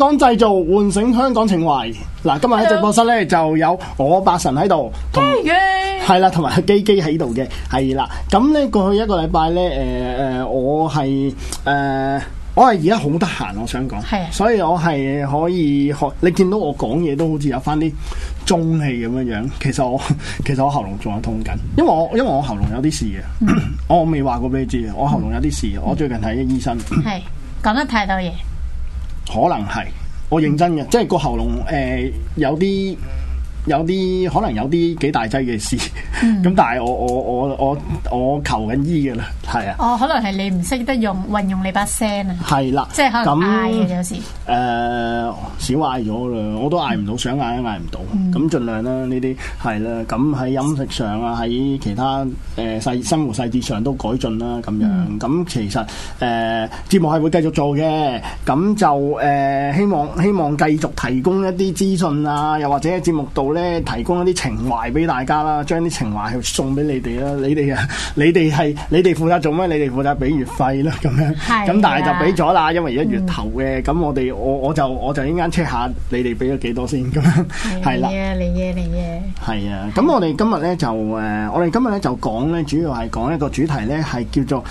港製造喚醒香港情懷嗱，今日喺直播室咧就有我八神喺度，同係耶耶 啦，同埋璣璣喺度嘅係啦。咁咧過去一個禮拜咧，誒、呃、誒，我係誒、呃，我係而家好得閒，我想講係，所以我係可以，你見到我講嘢都好似有翻啲中氣咁樣樣。其實我其實我喉嚨仲有痛緊，因為我因為我喉嚨有啲事啊、嗯，我未話過俾你知我喉嚨有啲事，我最近睇醫生係講、嗯、嚨得太多嘢，可能係。我認真嘅，即係個喉嚨，誒、呃、有啲。有啲可能有啲幾大劑嘅事，咁、嗯、但係我我我我我求緊醫嘅啦，係啊。哦，可能係你唔識得用運用你把聲啊。係啦，即係可能嗌嘅那有時誒少嗌咗啦，我都嗌唔到，嗯、想嗌都嗌唔到。咁盡、嗯、量啦，呢啲係啦。咁喺飲食上啊，喺其他誒細、呃、生活細節上都改進啦，咁樣咁、嗯、其實誒節、呃、目係會繼續做嘅，咁就誒、呃、希望希望繼續提供一啲資訊啊，又或者喺節目度咧。提供一啲情懷俾大家啦，將啲情懷去送俾你哋啦，你哋啊，你哋係你哋負責做咩？你哋負責俾月費啦，咁樣，咁但係就俾咗啦，因為而家月頭嘅，咁我哋我我就我就陣間 check 下你哋俾咗幾多先，咁樣係啦，嚟嘢嚟嘢嚟嘢，係啊，咁、啊啊、我哋今日咧就誒，我哋今日咧就講咧，主要係講一個主題咧，係叫做。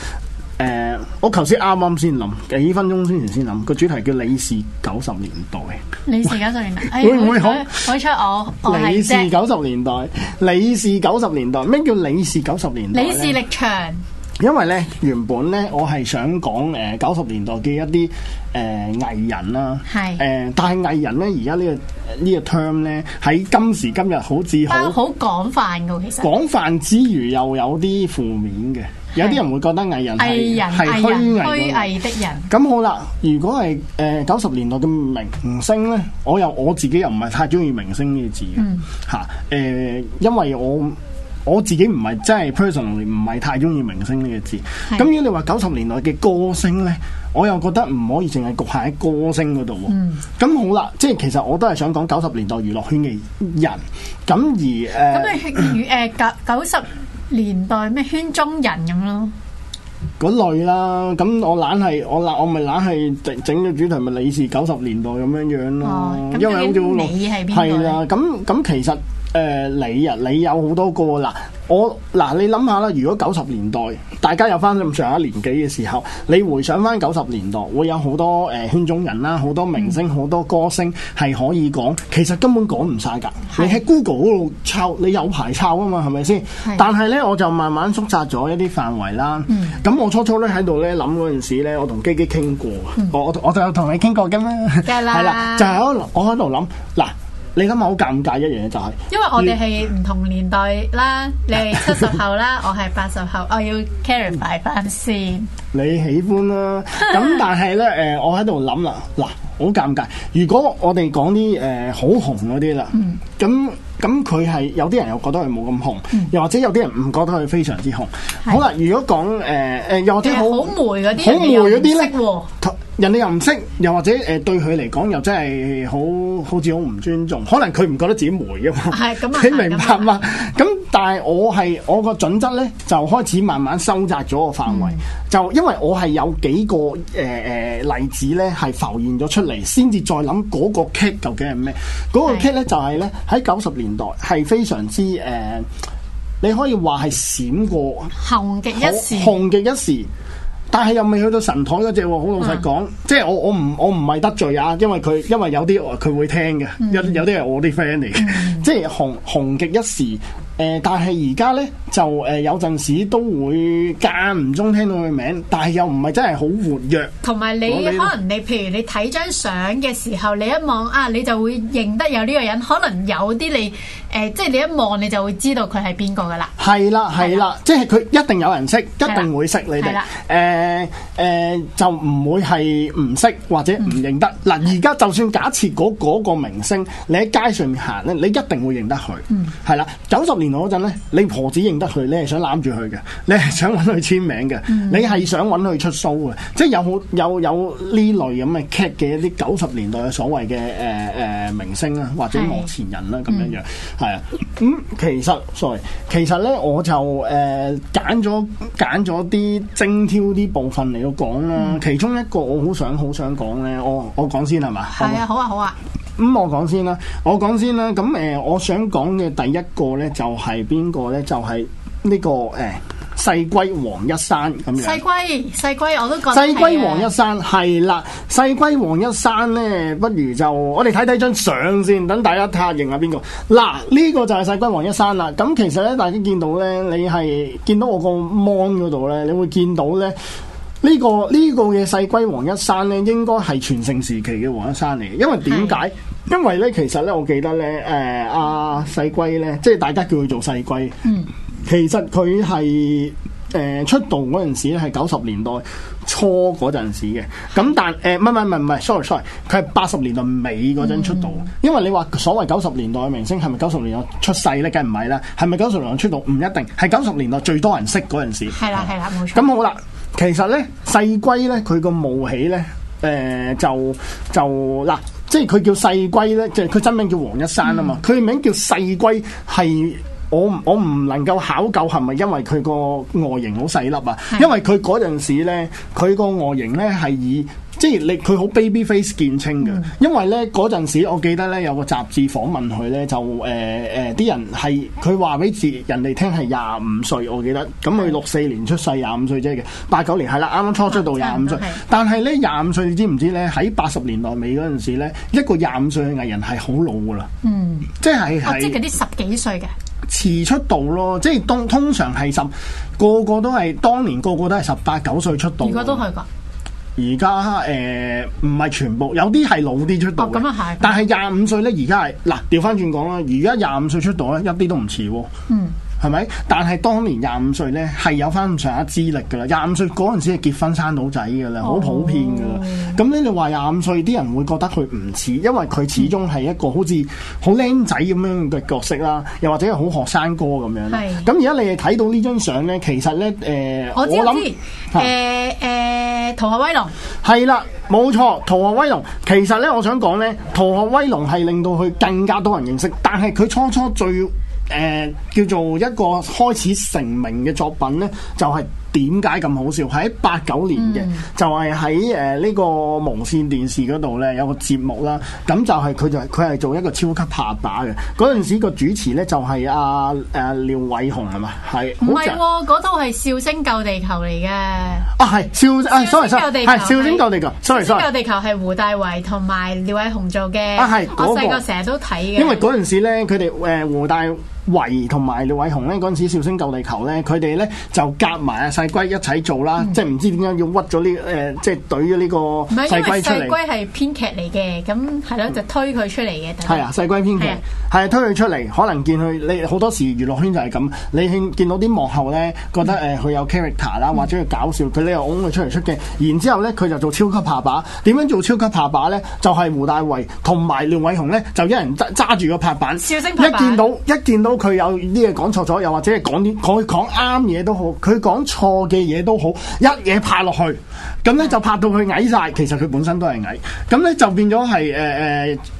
誒、呃，我頭先啱啱先諗幾分鐘之前先諗個主題叫李氏九十年代。李氏九十年代，會唔會好？可出我？李氏九十年代，李氏九十年代，咩叫李氏九十年代咧？李氏力場。因為咧，原本咧，我係想講誒九十年代嘅一啲誒藝人啦、啊。係是。誒、呃，但係藝人咧，而家呢個呢、這個 term 咧，喺今時今日好似好好廣泛噶，其實廣泛之餘又有啲負面嘅。有啲人會覺得藝人係係人虛偽、虛偽的人。咁好啦，如果係誒九十年代嘅明星咧，我又我自己又唔係太中意明星呢個字嘅嚇誒，因為我我自己唔係真係 personally 唔係太中意明星呢個字。咁、嗯、如果你話九十年代嘅歌星咧，我又覺得唔可以淨係局限喺歌星嗰度喎。咁、嗯、好啦，即係其實我都係想講九十年代娛樂圈嘅人。咁而誒咁你誒九九十。呃嗯 年代咩圈中人咁咯，嗰類啦。咁我懶係，我懶我咪懶係整整咗主題咪你係九十年代咁樣樣咯。哦、因為好似你係邊個？係啊，咁咁其實誒，你啊你有好多個啦。我嗱，你諗下啦，如果九十年代大家有返咁上下年紀嘅時候，你回想返九十年代，會有好多誒、呃、圈中人啦，好多明星，好多歌星，係可以講，其實根本講唔晒㗎。係。你喺 Google 嗰度抄，你有排抄啊嘛，係咪先？係。但係呢，我就慢慢縮窄咗一啲範圍啦。嗯。咁我初初呢喺度呢，諗嗰陣時呢，我同基基傾過。嗯、我我我就有同你傾過㗎嘛。梗係有啦， 係啦。就係、我、我喺度諗嗱。你今日好尷尬一樣嘢就係，因為我哋係唔同年代啦，你係七十後啦，我係八十後，我要 carry 翻翻先。你喜歡啦，咁但係咧誒，我喺度諗啦，嗱，好尷尬。如果我哋講啲誒好紅嗰啲啦，咁咁佢係有啲人又覺得佢冇咁紅，又或者有啲人唔覺得佢非常之紅。好啦，如果講誒誒有啲好好霉嗰啲，好霉嗰啲咧。人哋又唔識，又或者誒、呃、對佢嚟講又真係好好似好唔尊重，可能佢唔覺得自己霉啊嘛，啊 你明白嘛？咁但係我係我個準則咧，就開始慢慢收窄咗個範圍，嗯、就因為我係有幾個誒誒、呃、例子咧，係浮現咗出嚟，先至再諗嗰個 case 究竟係咩？嗰是個 case 咧就係咧喺九十年代係非常之誒、呃，你可以話係閃過紅極一時，紅極一時。但係又未去到神台嗰隻，好老實講，即係我我唔我唔係得罪啊，因為佢因為有啲佢會聽嘅，有有啲係我啲 friend 嚟嘅，嗯、即係紅紅極一時。誒，但係而家咧就誒有陣時都會間唔中聽到佢名，但係又唔係真係好活躍。同埋你我的可能你譬如你睇張相嘅時候，你一望啊，你就會認得有呢個人。可能有啲你誒、啊，即係你一望你就會知道佢係邊個噶啦。係啦係啦，即係佢一定有人識，一定會識你哋。誒誒、呃呃，就唔會係唔識或者唔認得。嗱、嗯，而家就算假設嗰嗰個明星你喺街上面行咧，你一定會認得佢。嗯，係啦，九十年。嗰陣咧，你婆子認得佢，你係想攬住佢嘅，你係想揾佢簽名嘅，嗯、你係想揾佢出 show 嘅，即係有有有呢類咁嘅劇嘅一啲九十年代嘅所謂嘅誒誒明星啦，或者幕前人啦咁樣樣，係啊。咁、嗯、其實，sorry，其實咧我就誒揀咗揀咗啲精挑啲部分嚟到講啦。嗯、其中一個我好想好想講咧，我我講先係嘛？係啊，好，好啊，好啊。咁我講先啦，我講先啦，咁誒、呃，我想講嘅第一個咧就係邊個咧，就係、是、呢、這個誒細龜黃一山咁樣。細龜，細龜，我都講細龜黃一山係啦，細龜黃一山咧，不如就我哋睇睇張相先，等大家睇下認下邊個。嗱，呢、這個就係細龜黃一山啦。咁其實咧，大家見到咧，你係見到我個芒嗰度咧，你會見到咧呢、這個呢、這個嘅細龜黃一山咧，應該係全盛時期嘅黃一山嚟嘅，因為點解？因為咧，其實咧，我記得咧，誒、呃，阿細龜咧，即係大家叫佢做細龜，嗯、其實佢係誒出道嗰陣時咧，係九十年代初嗰陣時嘅。咁但誒，唔係唔係唔係，sorry sorry，佢係八十年代尾嗰陣出道。因為你話所謂九十年代嘅明星，係咪九十年代出世咧？梗係唔係啦，係咪九十年代出道？唔一定，係九十年代最多人識嗰陣時。係啦係啦，冇錯。咁好啦，其實咧細龜咧，佢個冒起咧，誒、呃，就就嗱。就啦即係佢叫細龜咧，即係佢真名叫黃一山啊嘛，佢、嗯、名叫細龜，係我我唔能夠考究係咪因為佢個外形好細粒啊，是的 因為佢嗰陣時咧，佢個外形咧係以。即係你佢好 baby face 見稱嘅，因為咧嗰陣時，我記得咧有個雜誌訪問佢咧，就誒誒啲人係佢話俾自人哋聽係廿五歲，我記得咁佢六四年出世，廿五歲啫嘅，八九年係啦，啱啱初出道廿五歲，但係咧廿五歲知知，你知唔知咧？喺八十年代尾嗰陣時咧，一個廿五歲嘅藝人係好老噶啦，嗯，即係係、哦、即係嗰啲十幾歲嘅遲出道咯，即係當通常係十，個個都係當年個個都係十八九歲出道，而家都係㗎。而家誒唔係全部，有啲係老啲出道嘅，哦、但係廿五歲咧，而家係嗱，調返轉講啦，而家廿五歲出道咧，一啲都唔似喎。嗯。係咪？但係當年廿五歲咧，係有翻咁上下資歷噶啦。廿五歲嗰陣時係結婚生到仔噶啦，好普遍噶啦。咁、oh. 你哋話廿五歲啲人會覺得佢唔似，因為佢始終係一個好似好僆仔咁樣嘅角色啦，又或者係好學生哥咁樣的。咁而家你哋睇到呢張相咧，其實咧，誒、呃，我諗誒誒《逃學威龍》係啦，冇錯，《逃學威龍》其實咧，我想講咧，《逃學威龍》係令到佢更加多人認識，但係佢初初最誒，叫做一個開始成名嘅作品咧，就係點解咁好笑？喺八九年嘅，嗯、就係喺誒呢個無綫電視嗰度咧，有個節目啦。咁就係佢就佢係做一個超級拍打嘅。嗰陣時個主持咧就係阿誒廖偉雄係嘛？係唔係？嗰套係《笑星救地球》嚟嘅。啊，係笑啊，sorry sorry，係《笑星救地球》。sorry sorry，《笑星救地球》係胡大為同埋廖偉雄做嘅。啊，係我細個成日都睇嘅。因為嗰陣時咧，佢哋誒胡大維同埋廖偉雄咧，嗰陣時《笑星救地球》咧，佢哋咧就夾埋阿細龜一齊做啦，嗯、即係唔知點樣要屈咗呢誒，即係隊咗呢個細龜出嚟。唔係因為細龜係編劇嚟嘅，咁係咯，就推佢出嚟嘅。係啊，細龜編劇係、啊啊、推佢出嚟，可能見佢你好多時娛樂圈就係咁，你見到啲幕後咧，覺得誒佢、嗯呃、有 character 啦，或者佢搞笑，佢咧又㧬佢出嚟出鏡。嗯、然之後咧，佢就做超級拍把，點樣做超級拍把咧？就係、是、胡大維同埋廖偉雄咧，就一人揸住個拍板，笑星一見到一見到。佢有啲嘢講錯咗，又或者係講啲講講啱嘢都好，佢講錯嘅嘢都好，一嘢拍落去，咁咧就拍到佢矮晒。其實佢本身都係矮，咁咧就變咗係誒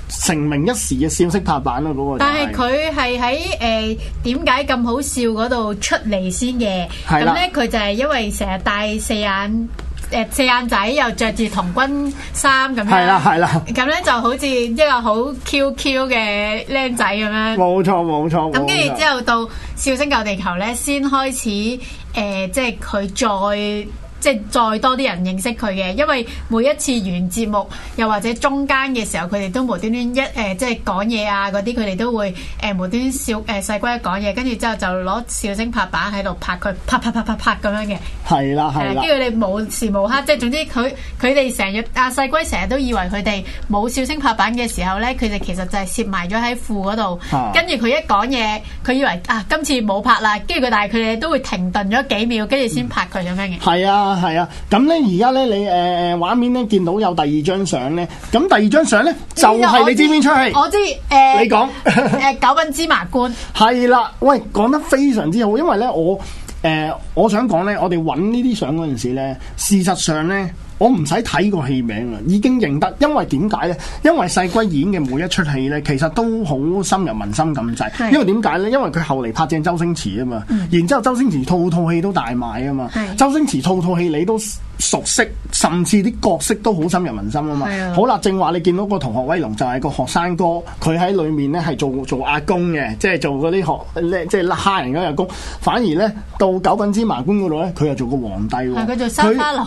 誒成名一時嘅笑息拍板咯，嗰個。但係佢係喺誒點解咁好笑嗰度出嚟先嘅，咁咧佢就係因為成日戴四眼。誒，四眼仔又着住童軍衫咁樣，係啦係啦，咁咧就好似一個好 Q Q 嘅僆仔咁樣。冇錯冇錯冇錯。咁跟住之後到《笑星救地球》咧，先開始誒、呃，即係佢再。即係再多啲人認識佢嘅，因為每一次完節目，又或者中間嘅時候，佢哋都無端端一誒、呃，即係講嘢啊嗰啲，佢哋都會誒、呃、無端端笑誒細龜一講嘢，跟、呃、住之後就攞笑聲拍板喺度拍佢，拍拍拍拍拍咁樣嘅。係啦，係啦。跟住佢哋無時無刻，即係總之佢佢哋成日阿細龜成日都以為佢哋冇笑聲拍板嘅時候咧，佢哋其實就係攝埋咗喺褲嗰度。跟住佢一講嘢，佢以為啊今次冇拍啦，跟住佢但係佢哋都會停頓咗幾秒，跟住先拍佢咁樣嘅。係、嗯、啊。嗯嗯。啊，係啊，咁呢而家呢，你、呃、誒畫面呢見到有第二張相呢。咁第二張相呢，就係你知邊出戲、嗯嗯嗯？我知誒，呃、你講說誒、呃、九品芝麻官。係啦、啊，喂，講得非常之好，因為呢、呃，我誒我想講呢，我哋揾呢啲相嗰陣時咧，事實上呢。我唔使睇個戲名啊，已經認得，因為點解呢？因為細龜演嘅每一出戲呢，其實都好深入民心咁滯。是的 因為點解呢？因為佢後嚟拍正周星馳啊嘛，嗯、然之後周星馳套套戲都大賣啊嘛。是的 周星馳套套戲你都熟悉，甚至啲角色都好深入民心啊嘛。是的 好啦，正話你見到個《同學威龍》就係個學生哥，佢喺裏面呢係做做阿公嘅，即係做嗰啲學即係蝦人嘅阿公。反而呢，到《九品芝麻官》嗰度呢，佢又做個皇帝喎。佢做三花樓，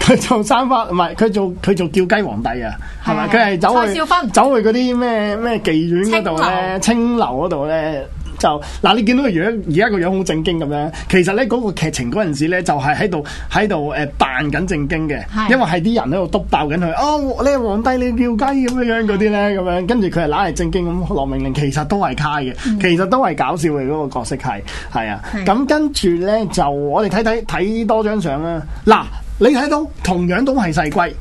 佢 做。生花唔係佢做，佢做叫雞皇帝啊，係嘛？佢係走去小走去嗰啲咩咩妓院嗰度咧，青樓嗰度咧就，嗱，你見到個樣，而家個樣好正經咁樣。其實咧嗰個劇情嗰陣時咧，就係喺度喺度誒扮緊正經嘅，因為係啲人喺度督爆緊佢。哦，你係皇帝，你叫雞咁樣嗰啲咧，咁樣跟住佢係揦嚟正經咁落命令其實都係卡嘅，其實都係搞笑嘅。嗰個角色係係啊。咁跟住咧就我哋睇睇睇多張相啦嗱。你睇到同樣都係細龜，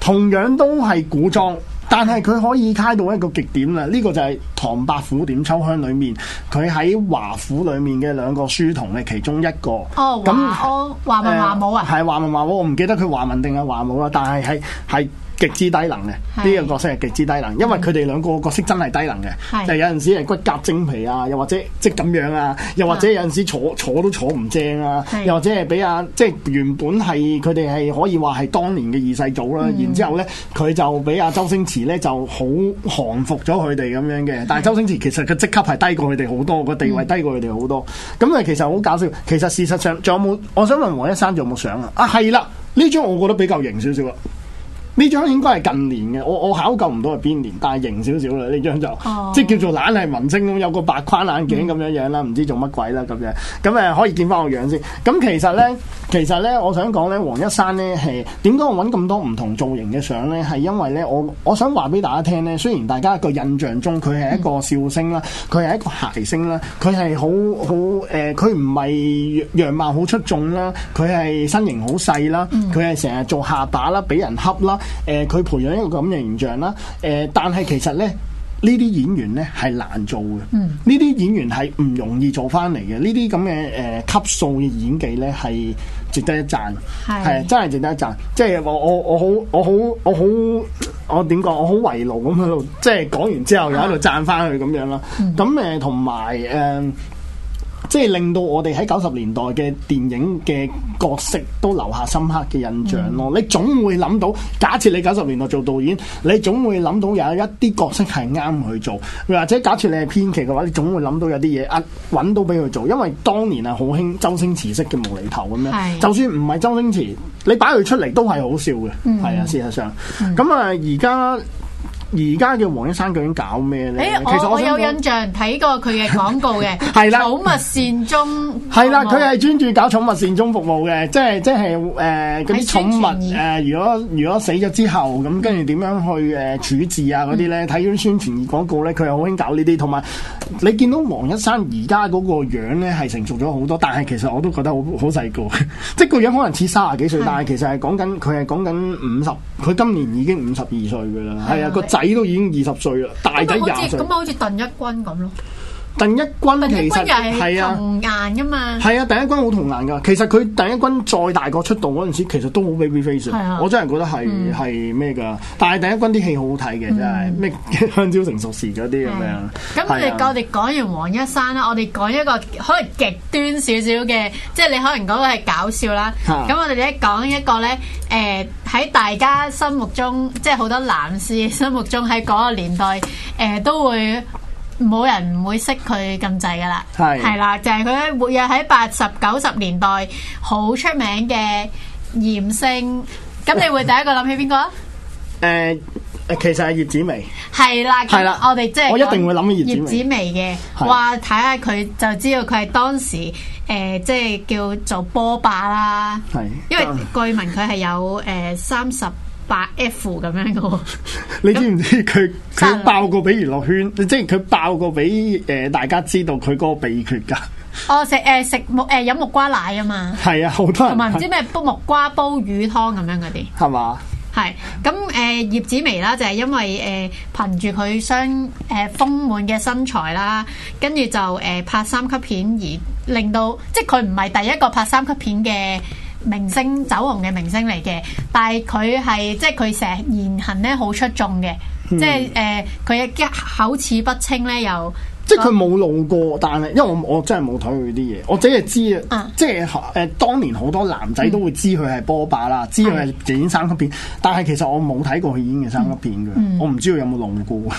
同樣都係古裝，但係佢可以猜到一個極點啦。呢、這個就係《唐伯虎點秋香》裏面，佢喺華府裏面嘅兩個書童嘅其中一個。哦，咁我樣、哦、華文華武啊？係、呃、華文華武，我唔記得佢華文定係華武啦，但係係係。極之低能嘅，呢是個角色係極之低能，因為佢哋兩個角色真係低能嘅。係是，又有陣時係骨骼精皮啊，又或者即咁樣啊，又或者有陣時坐坐都坐唔正啊，是又或者係俾阿即原本係佢哋係可以話係當年嘅二世祖啦、啊。嗯、然之後咧，佢就俾阿周星馳咧就好降服咗佢哋咁樣嘅。但係周星馳其實佢職級係低過佢哋好多，個地位低過佢哋好多。咁啊、嗯，其實好搞笑。其實事實上仲有冇？我想問黃一山仲有冇相啊？啊係啦，呢張我覺得比較型少少啊。呢張應該係近年嘅，我我考究唔到係邊年，但係型少少啦，呢張就、oh. 即係叫做懶係明星咁，有個白框眼鏡咁樣樣啦，唔、mm. 知做乜鬼啦咁嘅，咁誒、嗯、可以見翻個樣先。咁其實咧，其實咧，我想講咧，黃一山咧係點解我搵咁多唔同造型嘅相咧？係因為咧，我我想話俾大家聽咧，雖然大家個印象中佢係一個笑星啦，佢係、mm. 一個諧星啦，佢係好好誒，佢唔係樣貌好出眾啦，佢係身形好細啦，佢係成日做下巴啦，俾人恰啦。誒，佢、呃、培養一個咁嘅形象啦。誒、呃，但係其實咧，呢啲演員咧係難做嘅。嗯，呢啲演員係唔容易做翻嚟嘅。呢啲咁嘅誒級數嘅演技咧，係值得一讚。係是、嗯，真係值得一讚。即係我我我好我好我好我點講？我好遺老咁喺度。即係講完之後又喺度讚翻佢咁樣啦。咁、嗯、誒、嗯，同埋誒。即係令到我哋喺九十年代嘅電影嘅角色都留下深刻嘅印象咯。嗯、你總會諗到，假設你九十年代做導演，你總會諗到有一啲角色係啱去做，或者假設你係編劇嘅話，你總會諗到有啲嘢啊揾到俾佢做，因為當年係好興周星馳式嘅無厘頭咁樣。係啊。就算唔係周星馳，你擺佢出嚟都係好笑嘅。係啊、嗯，事實上，咁啊而家。嗯而家叫黃一山究竟搞咩咧？誒，我有印象睇過佢嘅廣告嘅。係啦，寵物善終，係啦，佢係專注搞寵物善終服務嘅，即係即係誒啲寵物誒，如果如果死咗之後咁，跟住點樣去誒處置啊啲咧？睇完宣傳廣告咧，佢又好興搞呢啲，同埋你見到黃一山而家嗰個樣咧，係成熟咗好多，但係其實我都覺得好好細個，即係個樣可能似卅幾歲，但係其實係講緊佢係講緊五十，佢今年已經五十二歲噶啦，係啊個。仔都已經二十歲啦，大仔廿歲。咁咪好似鄧一軍咁咯。鄧一君其實係啊，童顏噶嘛，係啊，鄧一君好童顏噶。其實佢鄧一君再大個出道嗰陣時，其實都好 baby face。我真係覺得係係咩噶，但係鄧一君啲戲好好睇嘅真係，咩香蕉成熟時嗰啲咁樣。咁我哋我哋講完黃一山啦，我哋講一個可能極端少少嘅，即係你可能講係搞笑啦。咁、啊、我哋一講一個咧，誒、呃、喺大家心目中，即係好多男士心目中喺嗰個年代誒、呃、都會。冇人唔會識佢咁滯噶啦，係啦的，就係佢活躍喺八十九十年代好出名嘅艷星，咁你會第一個諗起邊個？誒、 呃，其實係葉子楣。係啦，係啦，我哋即係我一定會諗起葉子楣嘅。哇，睇下佢就知道佢係當時誒、呃，即係叫做波霸啦。係的，因為據聞佢係有誒三十，呃八 F 咁樣噶， 你知唔知佢佢、嗯、爆過俾娛樂圈？ 即係佢爆過俾誒大家知道佢嗰個秘訣噶。哦，食誒食木誒飲木瓜奶啊嘛，係啊，好多人同埋唔知咩煲木瓜煲魚湯咁樣嗰啲，係嘛吧？係咁誒，葉、呃、子楣啦，就係、是、因為誒憑住佢雙誒豐滿嘅身材啦，跟住就誒、呃、拍三級片而令到，即係佢唔係第一個拍三級片嘅。明星走紅嘅明星嚟嘅，但係佢係即係佢成日言行咧好出眾嘅，嗯、即係誒佢一口齒不清咧又，即係佢冇露過，但係因為我我真係冇睇佢啲嘢，我只係知啊，即係誒、呃、當年好多男仔都會知佢係波霸啦，嗯、知佢係演三級片，但係其實我冇睇過佢演嘅三級片嘅，嗯嗯、我唔知佢有冇弄過。誒、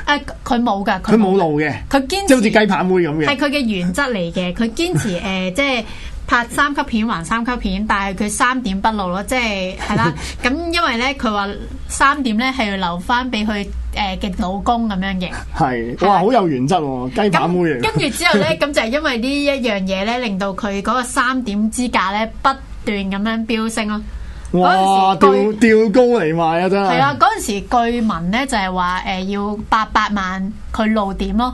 啊，佢冇噶，佢冇露嘅，佢堅、呃呃呃、即係好似雞扒妹咁嘅，係佢嘅原則嚟嘅，佢堅持誒即係。拍三級片還三級片，但係佢三點不露咯，即係係啦。咁因為咧，佢話三點咧係要留翻俾佢誒嘅老公咁樣嘅。係 的哇，好有原則喎、啊，雞排妹嚟。 跟住之後咧，咁就係、是、因為一呢一樣嘢咧，令到佢嗰個三點之價咧不斷咁樣飆升咯。哇嘩！時吊句吊高嚟賣啊，真係。係啊，嗰、那、陣、個、時據聞咧就係話誒要八百萬佢露點咯，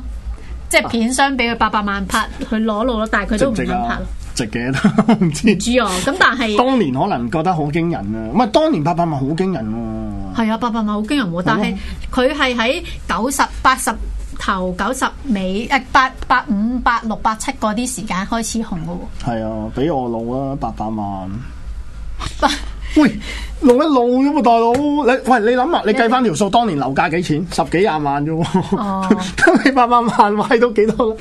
即、就、係、是、片商俾佢八百萬拍佢攞露咯，但係佢都唔肯拍。值嘅都唔知道，知啊、嗯！咁但係，當年可能覺得好驚人啊！唔係，當年八百萬好驚人喎。係啊，八百、啊、萬好驚人喎、啊，嗎但係佢係喺九十八十頭九十尾誒八八五八六八七嗰啲時間開始紅嘅喎、啊。係啊，比我老啊，八百萬。 喂，露一露啫嘛，大佬，你喂你諗下，你計翻條數，當年樓價幾錢？十幾廿萬啫，哦、 你百百萬,萬買到幾多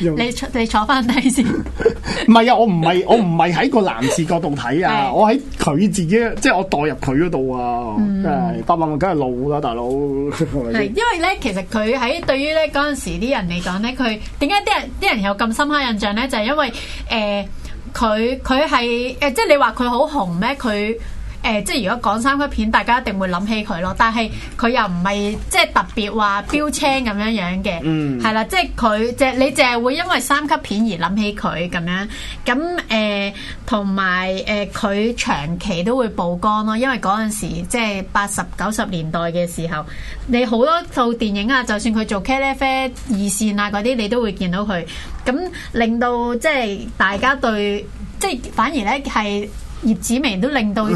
你用 你？你坐你坐翻低先。唔係啊，我唔係我唔係喺個男士角度睇啊， 我喺佢自己，即係我代入佢嗰度啊。誒、嗯，百萬萬梗係老啦、啊，大佬、嗯、 因為咧，其實佢喺對於咧嗰陣時啲人嚟講咧，佢點解啲人啲人有咁深刻印象咧？就係、是、因為誒，佢佢係誒，即係、就是、你話佢好紅咩？佢誒、呃，即係如果講三級片，大家一定會諗起佢咯。但係佢又唔係即係特別話標青咁樣樣嘅，係啦、嗯，即係佢即係你淨係會因為三級片而諗起佢咁樣。咁、呃、誒，同埋誒，佢、呃、長期都會曝光咯，因為嗰陣時即係八十九十年代嘅時候，你好多套電影啊，就算佢做咖喱啡二線啊嗰啲，你都會見到佢。咁令到即係大家對即係反而咧係。葉紫薇都令到誒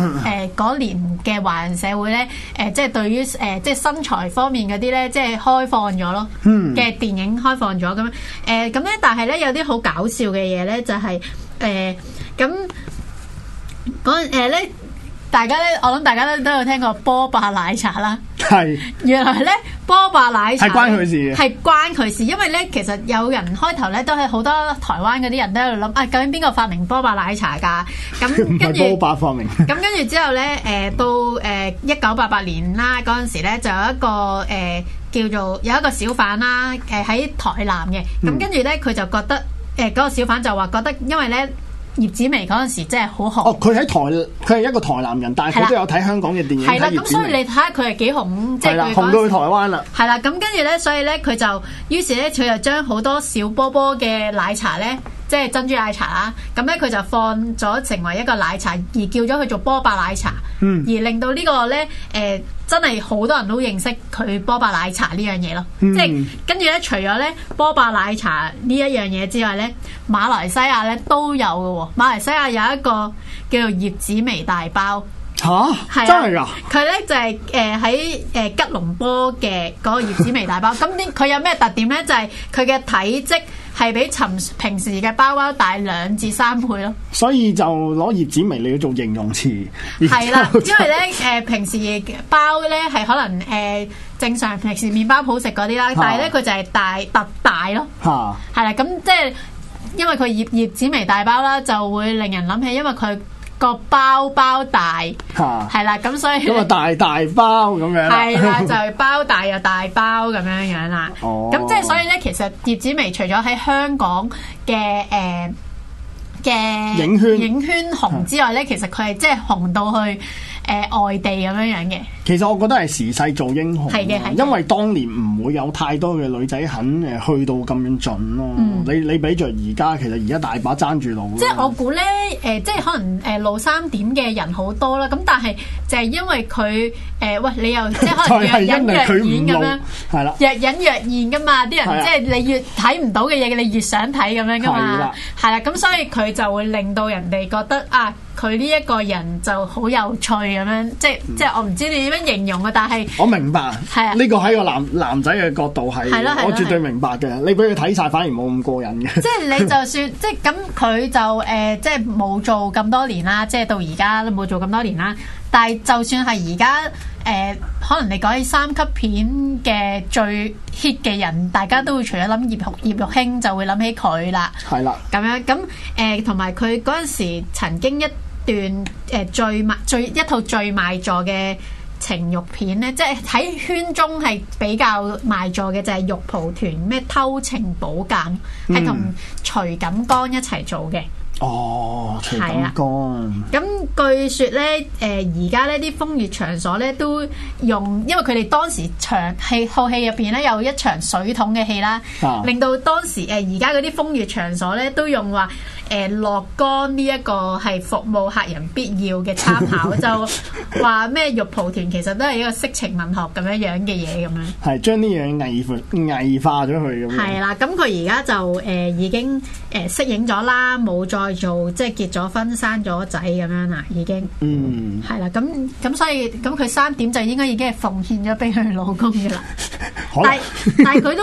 嗰、呃、年嘅華人社會咧，誒、呃、即係對於誒、呃、即係身材方面嗰啲咧，即係開放咗咯，嘅、嗯、電影開放咗咁樣誒咁咧，但係咧有啲好搞笑嘅嘢咧，就係誒咁嗰誒咧，大家咧，我諗大家咧都有聽過波霸奶茶啦。係，原來咧波霸奶茶係關佢事，係關佢事，因為咧其實有人開頭咧都係好多台灣嗰啲人都喺度諗，啊究竟邊個發明波霸奶茶噶？咁唔係波霸發明。咁 跟住之後咧，誒、呃、到誒一九八八年啦，嗰陣時咧就有一個誒、呃、叫做有一個小販啦，誒、呃、喺台南嘅，咁跟住咧佢就覺得，誒、呃、嗰、嗰個小販就話覺得，因為咧。葉子薇嗰陣時真係好紅。哦，佢喺台，佢係一個台南人，但係佢都有睇香港嘅電影。係啦的，咁所以你睇下佢係幾紅，即係的紅到去台灣啦。係啦，咁跟住咧，所以咧佢就於是咧，佢就將好多小波波嘅奶茶咧。即係珍珠奶茶啦，咁咧佢就放咗成為一個奶茶，而叫咗佢做波霸奶茶，嗯、而令到呢、呢個咧誒、呃、真係好多人都認識佢波霸奶茶呢樣嘢咯。嗯、即係跟住咧，除咗咧波霸奶茶呢一樣嘢之外咧，馬來西亞咧都有嘅喎、哦。馬來西亞有一個叫做葉子楣大包，嚇、啊，啊、真係噶！佢咧就係誒喺誒吉隆坡嘅嗰個葉子楣大包。咁啲佢有咩特點咧？就係佢嘅體積。係比尋平時嘅包包大兩至三倍咯，所以就攞葉子楣嚟做形容詞。係啦，因為咧誒、呃，平時包咧係可能誒、呃、正常平時麵包好食嗰啲啦，但係咧佢就係大特大咯，係啦、啊，咁即係因為佢葉葉子楣大包啦，就會令人諗起，因為佢。個包包大，係啦、啊，咁所以個大大包咁樣，係啦，就係、係、包大又大包咁樣樣啦。哦，咁即係所以咧，其實葉子楣除咗喺香港嘅，誒嘅，影圈影圈紅之外咧，其實佢係即係紅到去。誒、呃，外地咁樣樣嘅，其實我覺得係時勢做英雄，係嘅，係因為當年唔會有太多嘅女仔肯誒去到咁樣盡咯。你、嗯、你比著而家，其實而家大把爭住路即，、呃。即係我估咧，誒，即係可能誒露三點嘅人好多啦。咁但係就係因為佢誒，喂、呃，你又即係若隱若現咁樣，係啦， 若隱若現噶嘛，啲的人即係你越睇唔到嘅嘢，你越想睇咁樣噶嘛，係啦的，係啦的，咁所以佢就會令到人哋覺得啊。佢呢一個人就好有趣咁樣，即係即係我唔知你點樣形容啊，但係我明白，係啊，呢個喺個男男仔嘅角度係，啊啊、我絕對明白嘅。啊啊、你俾佢睇晒，反而冇咁過癮嘅。即係你就算 即係咁，佢就誒、呃、即係冇做咁多年啦，即係到而家都冇做咁多年啦。但係就算係而家誒，可能你講起三級片嘅最 hit 嘅人，大家都會除咗諗葉葉玉卿，就會諗起佢啦。係啦、啊，咁樣咁誒，同埋佢嗰陣時曾經一段誒、呃、最賣最一套最賣座嘅情慾片咧，即係喺圈中係比較賣座嘅就係、是《玉蒲團》咩《偷情寶鑑》嗯，係同徐錦江一齊做嘅。哦，徐錦江。咁據説咧，誒而家呢啲風月場所咧都用，因為佢哋當時長戲套戲入邊咧有一場水桶嘅戲啦，啊、令到當時誒而家嗰啲風月場所咧都用話。誒、呃，落崗呢一個係服務客人必要嘅參考， 就話咩玉蒲團其實都係一個色情文學咁樣樣嘅嘢咁樣。係將呢樣藝化藝化咗去咁。係啦，咁佢而家就誒已經誒適應咗啦，冇再做，即係結咗婚，生咗仔咁樣啦，已經。嗯。係啦，咁咁所以咁佢三點就應該已經係奉獻咗俾佢老公噶啦 吧。但係佢都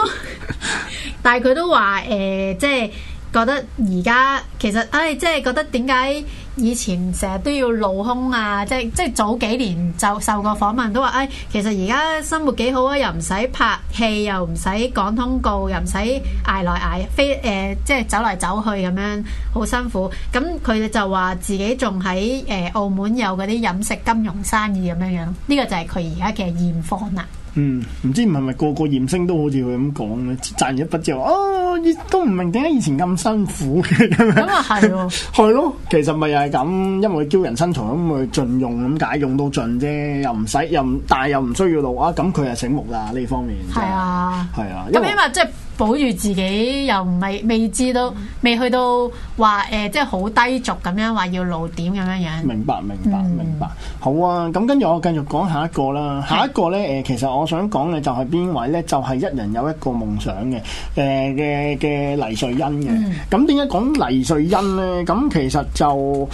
但係佢都話誒，即係。覺得而家其實，唉，即係覺得點解以前成日都要露胸啊？即係即係早幾年就受過訪問都話，唉，其實而家生活幾好啊，又唔使拍戲，又唔使講通告，又唔使捱來捱，飛誒，即係走來走去咁樣好辛苦。咁佢哋就話自己仲喺誒澳門有嗰啲飲食金融生意咁樣樣，呢個就係佢而家嘅現況啦。嗯，唔知唔係咪個個艷星都好似佢咁講咧，賺一筆之後，哦、啊，都唔明點解以前咁辛苦嘅咁啊，係喎，係咯，其實咪又係咁，因為佢驕人身材咁去盡用咁解，用到盡啫，又唔使又唔但係又唔需要路啊，咁佢係醒目啦呢方面、就是，係啊，係啊為，咁起碼即係。保住自己又唔係未知到，未去到話誒，即係好低俗咁樣話要露點咁樣樣。明白，明白，明白。好啊，咁跟住我繼續講下一個啦。下一個咧誒，其實我想講嘅就係邊位咧，就係一人有一個夢想嘅誒嘅嘅黎瑞恩嘅。咁點解講黎瑞恩咧？咁其實就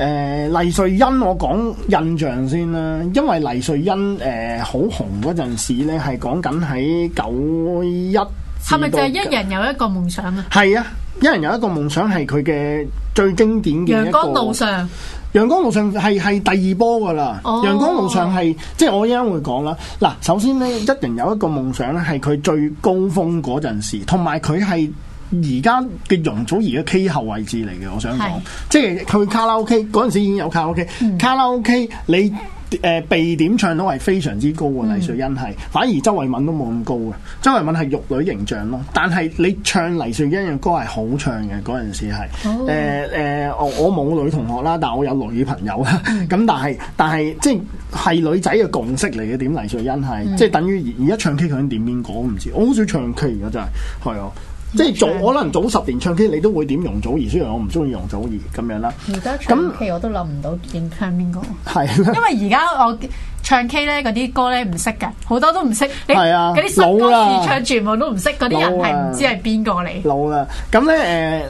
誒黎瑞恩，我講印象先啦。因為黎瑞恩誒好紅嗰陣時咧，係講緊喺九一。係咪就係一人有一個夢想啊？係啊，一人有一個夢想係佢嘅最經典嘅一個。陽光路上，陽光路上係係第二波噶啦。哦。陽光路上係即係我一陣會講啦。嗱，首先呢，一人有一個夢想咧，係佢最高峰嗰陣時，同埋佢係而家嘅容祖兒嘅 K 后位置嚟嘅。我想講，是即係佢卡拉 OK 嗰陣時已經有卡拉 OK，卡拉 OK 你。誒、呃、被點唱都係非常之高嘅黎瑞恩係，嗯、反而周慧敏都冇咁高嘅。周慧敏係玉女形象咯，但係你唱黎瑞恩嘅歌係好唱嘅嗰陣時係。誒、哦呃呃、我我冇女同學啦，但我有女朋友啦。咁、 嗯、但係但係即係女仔嘅共識嚟嘅，點黎瑞恩係，嗯、即係等於而家唱 K 佢點邊講唔知，我好少唱 K 而家、嗯嗯嗯、真係係我。即係早，可能早十年唱 K，你都會點容祖兒。雖然我唔中意容祖兒咁樣啦。而家唱 K 那我都諗唔到點唱邊個。係嗎。因為而家我唱 K 咧，嗰啲歌咧唔識嘅，好多都唔識。係啊。啲新唱全，全部都唔識。嗰啲人係唔知係邊個嚟。老啦了。咁咧你，誒、呃，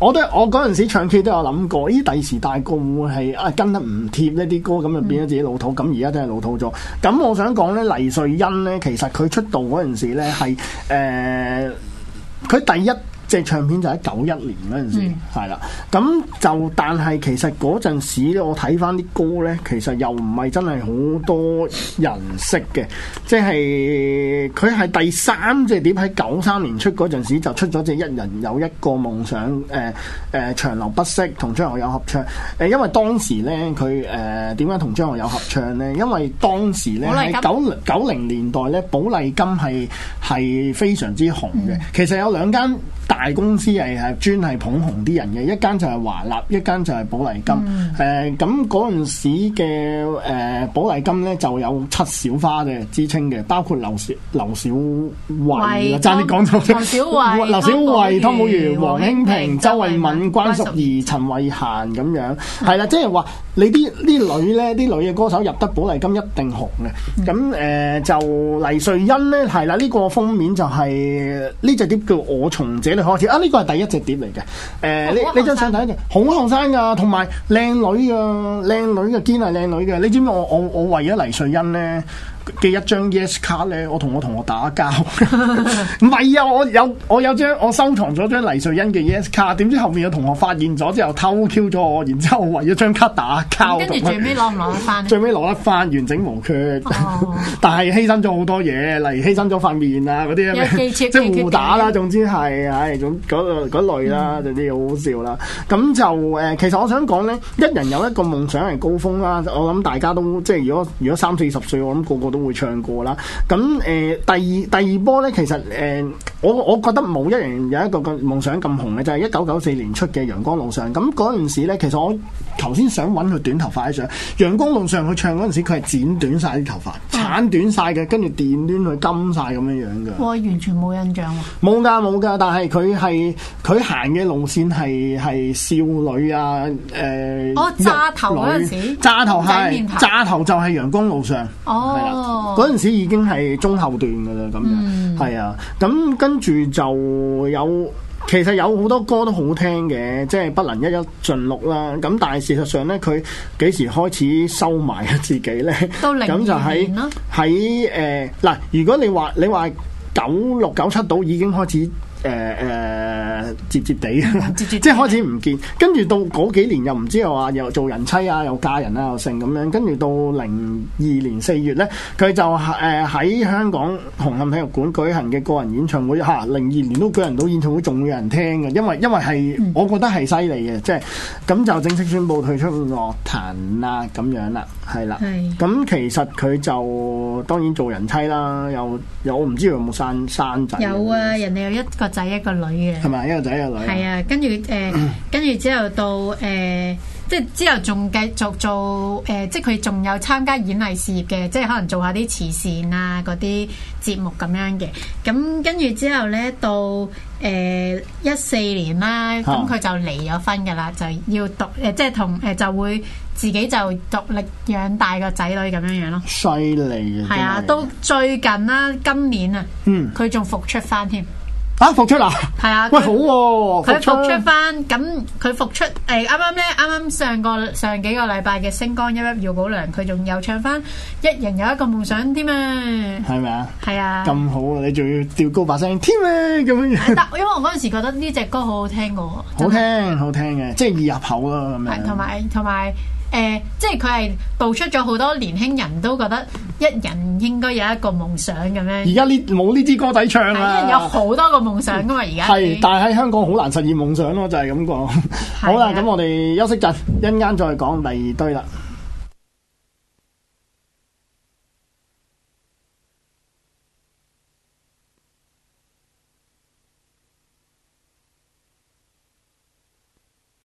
我都我嗰陣時唱 K 都有諗過，咦，第時大個唔會係啊跟得唔貼呢啲歌，咁就變咗自己老土。咁而家真係老土咗。咁我想講咧，黎瑞，瑞恩咧，其實佢出道嗰陣時咧係誒。呃呃呃佢第一。即係唱片就喺九一年嗰陣時，係啦、嗯。咁就但係其實嗰陣時咧，我睇翻啲歌咧，其實又唔係真係好多人識嘅。即係佢係第三隻碟喺九三年出嗰陣時就出咗隻《一人有一個夢想》。誒、呃、誒、呃、長流不息同張學友合唱。誒，因為當時咧，佢誒點解同張學友合唱咧？因為當時咧，九九零年代咧，寶麗金係係非常之紅嘅。嗯、其實有兩間大。大公司係係專係捧紅啲人嘅，一間就係華立，一間就係寶麗金。誒咁陣時嘅誒寶麗金咧就有七小花嘅之稱嘅，包括劉小劉小慧，爭啲講錯咗。劉小慧，劉小慧，湯寶如、王馨平、周慧敏、關淑怡、陳慧嫻咁樣係啦，即係話你啲啲女咧，啲女嘅歌手入得寶麗金一定紅嘅。咁誒就黎瑞恩咧，係啦，呢個封面就係呢隻碟叫《我從者。啊！呢、這個係第一隻碟嚟嘅，誒、呃，嗯、你、嗯、你張相睇下，好後生噶，同埋靚女啊，靚女嘅堅係靚女嘅。你知唔知我我我為咗黎瑞恩咧？嘅一張 Yes 卡咧，我同我同學打交，唔係啊！我有我有張我收藏咗張黎瑞恩嘅 Yes 卡，點知後面有同學發現咗之後偷 Q 咗我，然之後，後我為咗張卡打交，跟住最尾攞唔攞得翻？最尾攞得翻完整無缺，oh. 但係犧牲咗好多嘢，例如犧牲咗塊面啊嗰啲啊，即係互打啦，者總之係唉，嗯、總嗰類啦，就啲好好笑啦。咁就誒，其實我想講咧，一人有一個夢想係高峰啦，我諗大家都即係如果如果三四十歲，我諗個個。都會唱過啦，咁誒、呃，第二第二波咧，其實誒。呃我我覺得冇一人有一個個夢想咁紅嘅，就係一九九四年出嘅《陽光路上》。咁嗰陣時咧，其實我頭先想揾佢短頭髮一上《陽光路上》佢唱嗰陣時，佢係剪短晒啲頭髮，剷短晒嘅，跟住電端佢金晒咁樣樣㗎。我完全冇印象喎。冇㗎冇㗎，但係佢係佢行嘅路線係係少女啊誒。我揸頭嗰陣時。揸頭係揸頭就係《陽光路上》。哦。嗰陣、啊、時已經係中後段㗎啦，咁樣係啊。咁跟。跟住就有，其實有好多歌都好聽嘅，即係不能一一盡錄啦。咁但係事實上呢，佢幾時開始收埋自己呢？咁 就喺喺誒嗱，如果你話你話九六九七度已經開始。誒誒、嗯呃，接接地，接接，即係開始唔見，跟住到嗰幾年又唔知又話又做人妻啊，又嫁人啊，又剩咁樣，跟住到零二年四月呢，佢就誒喺香港紅磡體育館舉行嘅個人演唱會嚇，零、啊、二年都舉行到演唱會，仲有人聽嘅，因為因為係我覺得係犀利嘅，嗯、即係咁就正式宣布退出樂壇啦、啊，咁樣啦，係啦，係的。咁其實佢就當然做人妻啦，又又我唔知佢有冇生生仔。有啊，人哋有一個。仔一個女嘅係咪，一個仔一個女係啊。跟住誒、呃，跟住之後到誒、呃，即係之後仲繼續做誒、呃，即係佢仲有參加演藝事業嘅，即係可能做下啲慈善啊，嗰啲節目咁樣嘅。咁、嗯、跟住之後咧，到誒一四年啦，咁佢就離咗婚噶啦，啊、就要獨誒、呃，即係同誒、呃，就會自己就獨立養大個仔女咁樣樣咯。犀利嘅係啊，是都最近啦，今年啊，嗯復，佢仲復出翻添。啊！復出啦！係啊！喂，好喎、哦！佢復出翻，咁佢復出誒啱啱咧，啱啱、欸、上個上幾個禮拜嘅星光熠熠耀保良，佢仲又唱翻一人有一個夢想添啊！係咪嗎啊？係啊！咁好啊！你仲要吊高把聲添啊！咁樣。得！因為我嗰陣時覺得呢隻歌好好聽㗎喎。啊、好聽，好聽嘅，即係易入口咯、啊、咁樣。係，同埋，同埋。誒、呃，即係佢係道出咗好多年輕人都覺得一人應該有一個夢想咁樣。而家呢，冇呢支歌仔唱啦，一人有好多個夢想噶嘛，而家。係、嗯，但係喺香港好難實現夢想咯、啊，就係咁講。 好啦，咁的我哋休息陣，一陣間再講第二堆啦。